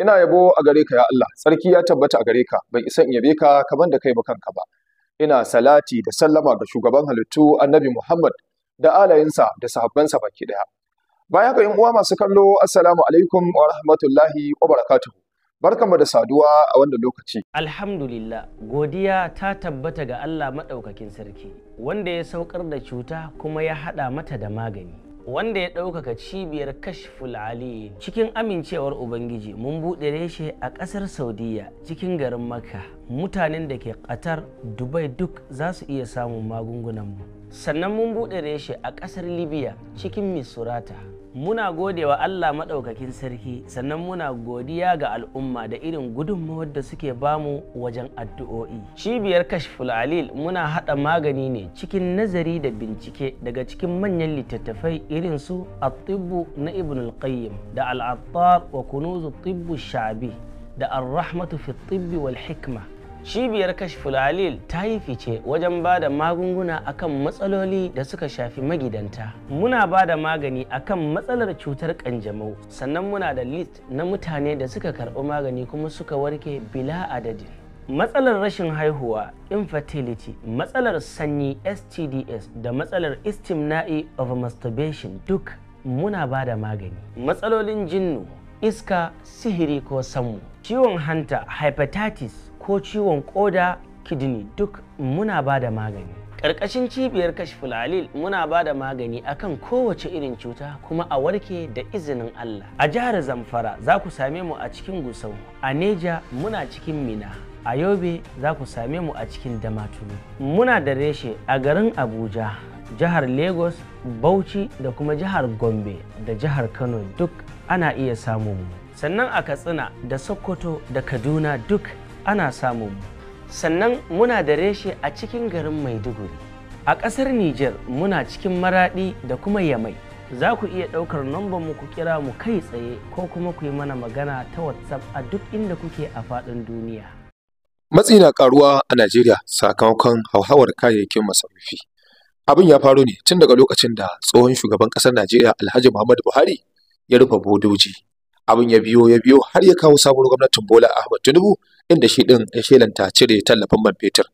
ina yabo a gare ka ya Allah sarki ya tabbata a gare ka ban isa in yabe ka kaman da kai ba kanka ba ina salati da sallama ga shugaban halittu annabi Muhammad da alayinsa da sahabbansa baki daya bayan ga uwa masu kallo assalamu alaikum wa rahmatullahi wa barakatuh barkamu da saduwa a wannan lokaci alhamdulillah godiya ta tabbata ga Allah madaukakin sarki wanda ya saukar da cuta kuma ya hada mata da magani wanda ya ɗaukaka cibiyar kashful ali cikin amincewar ubangiji mun buɗe reshe a ƙasar saudiya cikin garin makka mutanen da ke ƙatar dubai duk za su iya samun magungunanmu sannan mun buɗe reshe a ƙasar libya cikin misurata muna gode wa Allah maɗaukakin sarki sannan muna godiya ga al'umma da irin gudunmawar da suke bamu wajen addu'o'i. Cibiyar Kashful Alil muna haɗa magani ne cikin nazari da bincike daga cikin manyan littattafai irin su at na Ibn al-Qayyim da Al-Attar wa Kunuzu Tibbu Shabi da al rahmatu fi Tibbi wal Hikma. Cibiyar kashful alil ta yi fice wajen ba da magunguna akan matsaloli da suka shafi magidanta. Muna ba da magani akan matsalar cutar kanjamau, sannan muna da list na mutane da suka karɓi magani kuma suka warke bila adadin. matsalar rashin haihuwa infertility matsalar sanyi stds da matsalar istimna'i of masturbation duk muna ba da magani matsalolin jinnu iska sihiri ko samu ciwon hanta hepatitis ko ciwon koda kidney duk muna ba da magani ƙarƙashin cibiyar kashful muna ba da magani akan kowace irin cuta kuma a warke da izinin Allah a jihar Zamfara za ku same mu a cikin Gusau a Neja muna cikin Mina a Yobe za ku same mu a cikin Damaturu muna da reshe a garin Abuja jihar Lagos Bauchi da kuma jihar Gombe da jihar Kano duk ana iya samun mu sannan a Katsina da Sokoto da Kaduna duk ana samun mu sannan muna da reshe a cikin garin maiduguri a ƙasar niger muna cikin maraɗi da kuma yamai za ku iya ɗaukar nomban mu ku kira mu kai tsaye ko kuma ku yi mana magana ta whatsapp a duk inda kuke a faɗin duniya matsi na ƙaruwa a najeriya sakamakon hauhawar kayayyakin masarufi abin ya faru ne tun daga lokacin da tsohon shugaban ƙasar najeriya alhaji muhammadu buhari ya rufe bodoji abin ya biyo ya biyo har ya kawo sabon gwamnatin Bola Ahmad Tinubu inda shi din ya shelanta cire tallafin man fetur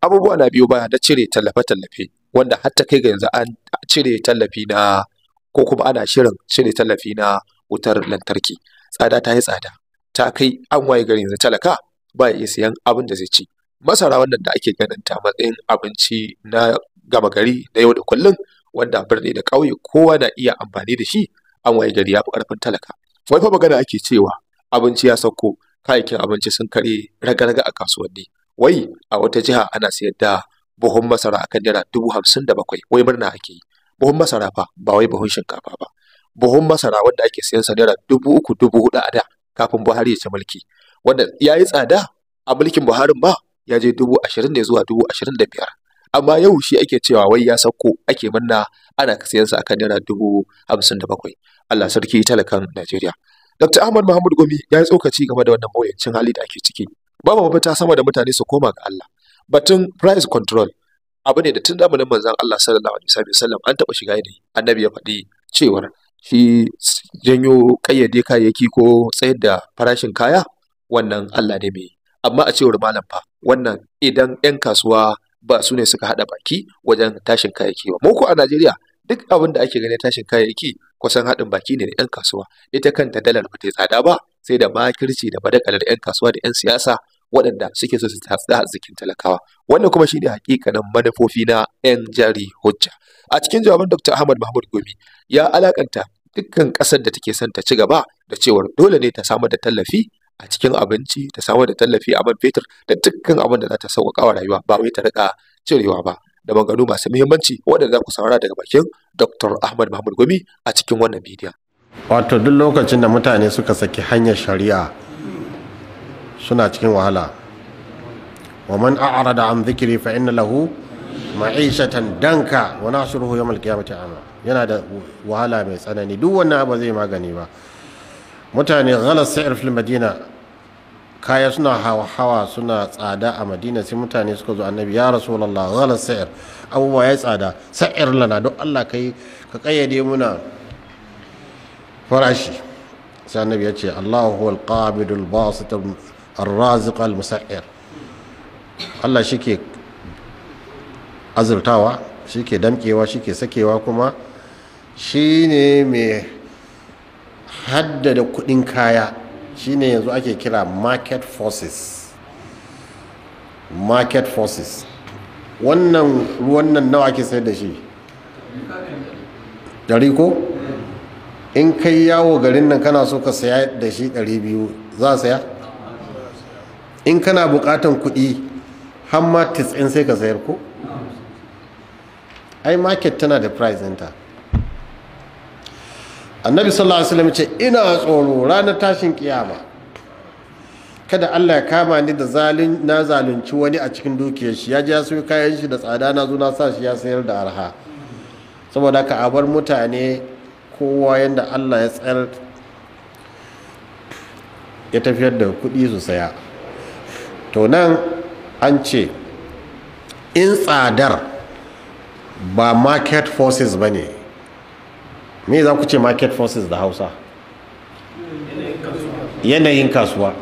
abubuwa na biyo baya da cire tallafe-tallafe wanda har ta kai ga yanzu an cire tallafi na ko kuma ana shirin cire tallafi na wutar lantarki tsada ta yi tsada ta kai an waye gari yanzu talaka ba ya iya siyan abin da zai ci masara wannan da ake ganin ta matsayin abinci na gama gari na yau da kullum wanda birni da ƙauye kowa na iya amfani da shi an waye gari ya fi ƙarfin talaka wai fa magana ake cewa abinci ya sauko kayayyakin abinci sun kare raga-raga a kasuwanni wai a wata jiha ana sayar da buhun masara akan naira dubu hamsin da bakwai wai murna ake yi buhun masara fa ba wai buhun shinkafa ba buhun masara wanda ake sayan sa naira dubu uku dubu hudu a da kafin buhari ya ci mulki wanda ya yi tsada a mulkin buharin ba ya je dubu ashirin ne zuwa dubu ashirin da biyar amma yau shi ake cewa wai ya sauko ake murna ana sayan sa akan naira dubu hamsin da bakwai Allah sarki talakan Najeriya Dr. Ahmad Muhammad Gumi ya yi tsokaci game da wannan mawuyacin hali da ake ciki babu mafita sama da mutane su koma ga Allah batun price control abu ne da tun zamanin manzon Allah sallallahu alaihi wasallam an taɓa shiga yanayi annabi ya faɗi cewar shi janyo kayyade kayayyaki ko tsayar da farashin kaya wannan Allah ne mai amma a cewar malam fa wannan idan 'yan kasuwa ba su ne suka haɗa baki wajen tashin kayayyaki ba mu a Najeriya duk abin da ake ganin tashin kayayyaki kusan haɗin baki ne da 'yan kasuwa ita kanta dalar ba ta yi tsada ba sai da makirci da badakalar 'yan kasuwa da 'yan siyasa waɗanda suke so su tsada zikin talakawa wannan kuma shine hakikanin manufofi na 'yan jari hujja a cikin jawaban dr ahmad mahmud gomi ya alakanta dukkan ƙasar da take son ta ci gaba da cewar dole ne ta samar da tallafi a cikin abinci ta samar da tallafi a man fetur da dukkan abin da za ta sauƙaƙa wa rayuwa ba wai ta riƙa cirewa ba da maganganu masu muhimmanci wanda za ku saurara daga bakin Dr. Ahmad Mahmud Gumi a cikin wannan bidiyon. Wato duk lokacin da mutane suka saki hanyar shari'a suna cikin wahala. Wa man a'rada an zikiri fa inna lahu ma'ishatan danka wa nahshuruhu yawmal qiyamati a'ma. Yana da wahala mai tsanani duk wannan ba zai magani ba. Mutane ghalas sa'ir fil madina kaya suna hawa suna tsada a madina sai mutane suka zo annabi ya rasulallah ghalas sa'ir abubuwa ya tsada sa'ir lana don allah kai ka kayyade muna farashi sai annabi ya ce allahu huwal qabidul basit ar-raziq al-musa'ir allah shike azurtawa shike damkewa shike sakewa kuma shine mai haddada kudin kaya shine yanzu ake kira market forces market forces wannan ruwan nan nawa ake sayar da shi dari ko in kai yawo garin nan kana so ka saya da shi dari biyu za a saya in kana buƙatan kuɗi hamma ma 90 sai ka sayar ko ai market tana da price enter annabi sallallahu alaihi wasallam ce ina tsoro ranar tashin kiyama kada Allah ya kama ni da zalin na zalunci wani a cikin dukiyar shi ya ji ya sayo kayan shi da tsada na zo na sa shi ya sayar da arha saboda haka a bar mutane kowa yanda Allah ya tsayar ya tafiyar da kuɗi su saya to nan an ce in tsadar ba market forces ba ne me za ku ce market forces da hausa yanayin kasuwa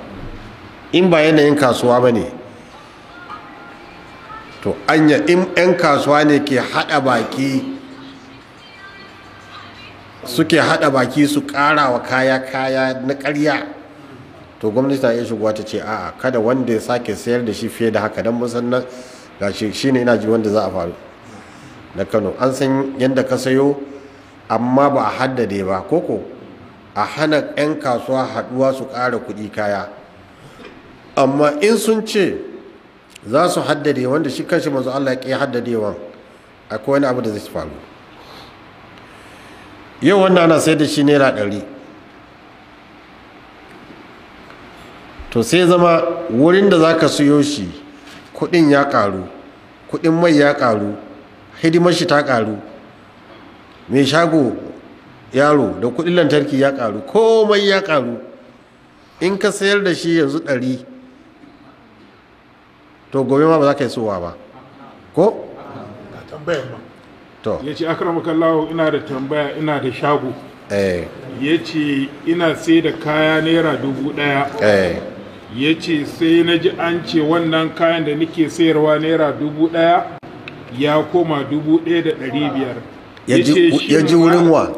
in ba yanayin kasuwa ba ne to anya in 'yan kasuwa ne ke hada baki suke hada baki su kara wa kaya kaya na karya to gwamnati ta iya shigowa ta ce a'a kada wanda ya sake sayar da shi fiye da haka don musamman ga shi ne ina ji wanda za a faru na kano an san yadda ka sayo amma ba a haddade ba koko a hana 'yan kasuwa haduwa su kara kuɗi kaya amma in sun ce za su haddade wanda shi kanshi manzo Allah ya haddadewa akwai wani abu da zai faru yau wannan ana sai da shi naira ɗari to sai zama wurin da za ka siyo shi kuɗin ya ƙaru kuɗin mai ya ƙaru hidimar shi ta ƙaru mai shago yaro da kudin lantarki ya karu komai ya karu in ka sayar da shi yanzu ɗari to gobe ma ba za ka yi sowa ba ko? ba to ya ce akramakallahu ina da tambaya ina da shago eh. ya ce ina sai da kaya naira dubu ɗaya eh. ya ce sai na ji an ce wannan kayan da nake sayarwa naira dubu ɗaya ya koma dubu ɗaya da ɗari biyar ya ji wurin wa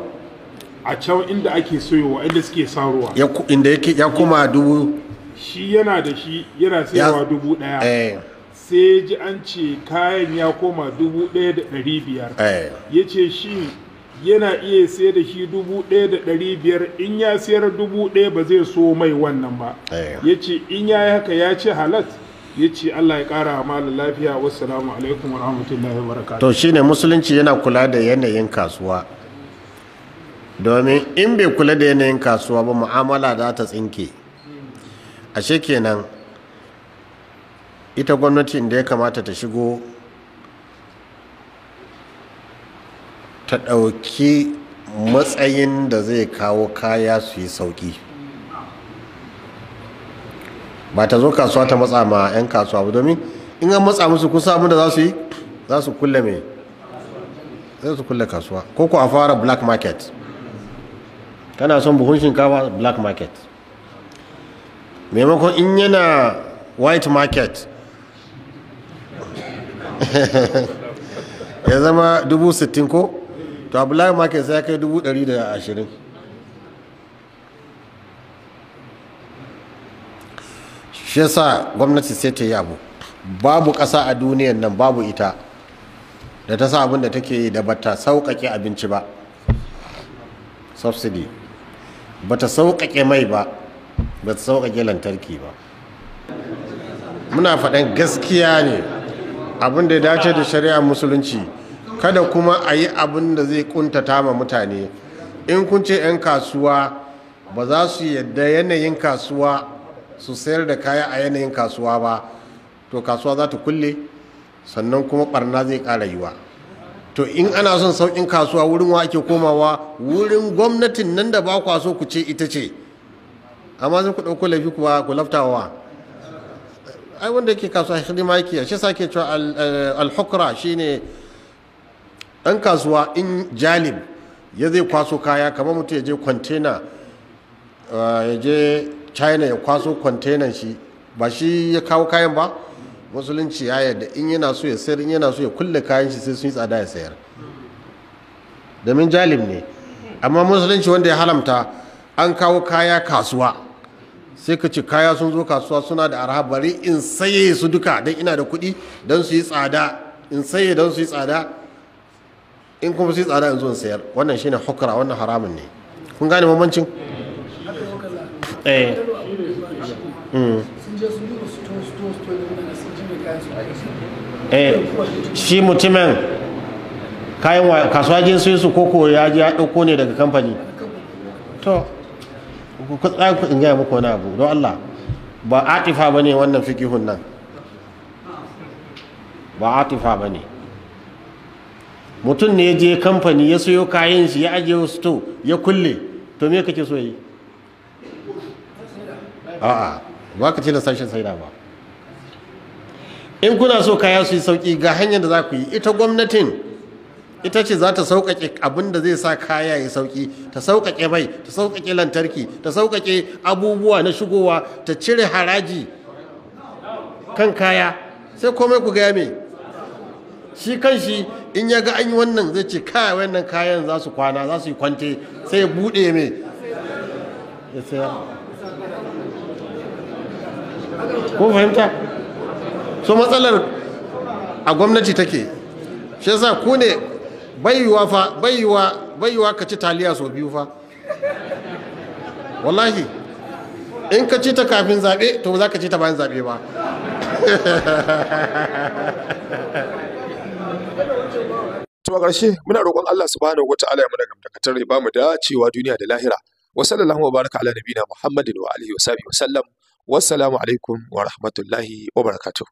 a can inda ake soyowa inda suke saruwa inda ya kuma dubu shi yana da shi yana sayarwa dubu daya eh. sai ji an ce kayan ya koma dubu daya da dari biyar eh. ya ce shi yana iya sayar da shi dubu ɗaya da ɗari biyar in ya sayar dubu ɗaya ba zai so mai wannan ba eh. ya ce in ya yi haka ya ce halas ya Allah ya kara amala lafiya wassalamu alaikum wa rahmatullahi wa barakatuh to shine musulunci yana kula da yanayin kasuwa domin in bai kula da yanayin kasuwa ba mu'amala za ta tsinke ashe kenan ita gwamnati da ya kamata ta shigo ta ɗauki matsayin da zai kawo kaya su yi sauƙi ba ta zo kasuwa ta matsa ma 'yan kasuwa ba domin in an matsa musu kusa samu da za su yi za su kulle mai za su kulle kasuwa ko ku a fara black market kana son buhun shinkafa black market maimakon in yana white market ya zama dubu sittin ko to a black market sai ya kai dubu ɗari da ashirin shi yasa gwamnati sai ta yi abu babu ƙasa a duniyan nan babu ita da ta sa abin da take yi da bata sauƙaƙe abinci ba subsidy bata sauƙaƙe mai ba bata sauƙaƙe lantarki ba muna faɗan gaskiya ne abin da ya dace da shari'a musulunci kada kuma a yi abin da zai kuntata ma mutane in kun ce 'yan kasuwa ba za su yadda yanayin kasuwa su sayar da kaya a yanayin kasuwa ba to kasuwa za ta kulle sannan kuma barna zai kara yiwa to in ana son sauƙin kasuwa wurin wa ake komawa wurin gwamnatin nan da ba kwa so ku ce ita ce amma zai ku ɗauko laifi kuwa ku laftawa ai wanda yake kasuwa ma yake shi sake cewa eh, alhukra shine ɗan kasuwa in jalib ya zai kwaso kaya kamar mutum ya je kwantena eh, ya je china ya kwaso kwantenan shi ba shi ya kawo kayan ba musulunci ya yadda in yana so ya sayar in yana so ya kulle kayan shi sai sun yi tsada ya sayar domin jalim ne amma musulunci wanda ya halamta an kawo kaya kasuwa sai ka ci kaya sun zo kasuwa suna da arha bari in saye su duka don ina da kuɗi don su yi tsada in saye don su yi tsada in kuma su yi tsada in zo in sayar wannan shine hukura wannan haramun ne kun gane bambancin Eh. Hmm. eh shi mutumin kayan kasuwa jin su su koko ya ji ya dauko ne daga kamfani to ku tsaya ku in gaya muku wani abu don Allah ba atifa bane wannan fikihun nan ba atifa bane mutum ne ya je kamfani ya siyo kayan shi ya ajiye su to ya kulle to me kake so yi a'a ba ka ce tilasta sashen saida ba in kuna so kaya su yi sauki ga hanyar da za ku yi ita gwamnatin ita ce za ta sauƙaƙe abin da zai sa kaya ya sauƙi ta sauƙaƙe mai ta sauƙaƙe lantarki ta sauƙaƙe abubuwa na shigowa ta cire haraji kan kaya sai komai ku gaya me shi kan shi in ya ga an yi wannan zai ce kaya wannan kayan za su kwana za su yi kwante sai ya buɗe mai ko fahimta so matsalar a gwamnati take shi yasa ku ne baiwa fa baiwa baiwa ka ci taliya sau biyu fa wallahi in ka ci ta kafin zaɓe to ba za ka ci ta bayan zaɓe ba to a ƙarshe muna roƙon Allah subhanahu wata'ala ya muna gamdakatar ya bamu dacewa duniya da lahira wa sallallahu wa baraka ala nabiyina muhammadin wa alihi wa sahbihi wa sallam wassalamu alaikum wa rahmatullahi wa barakatuh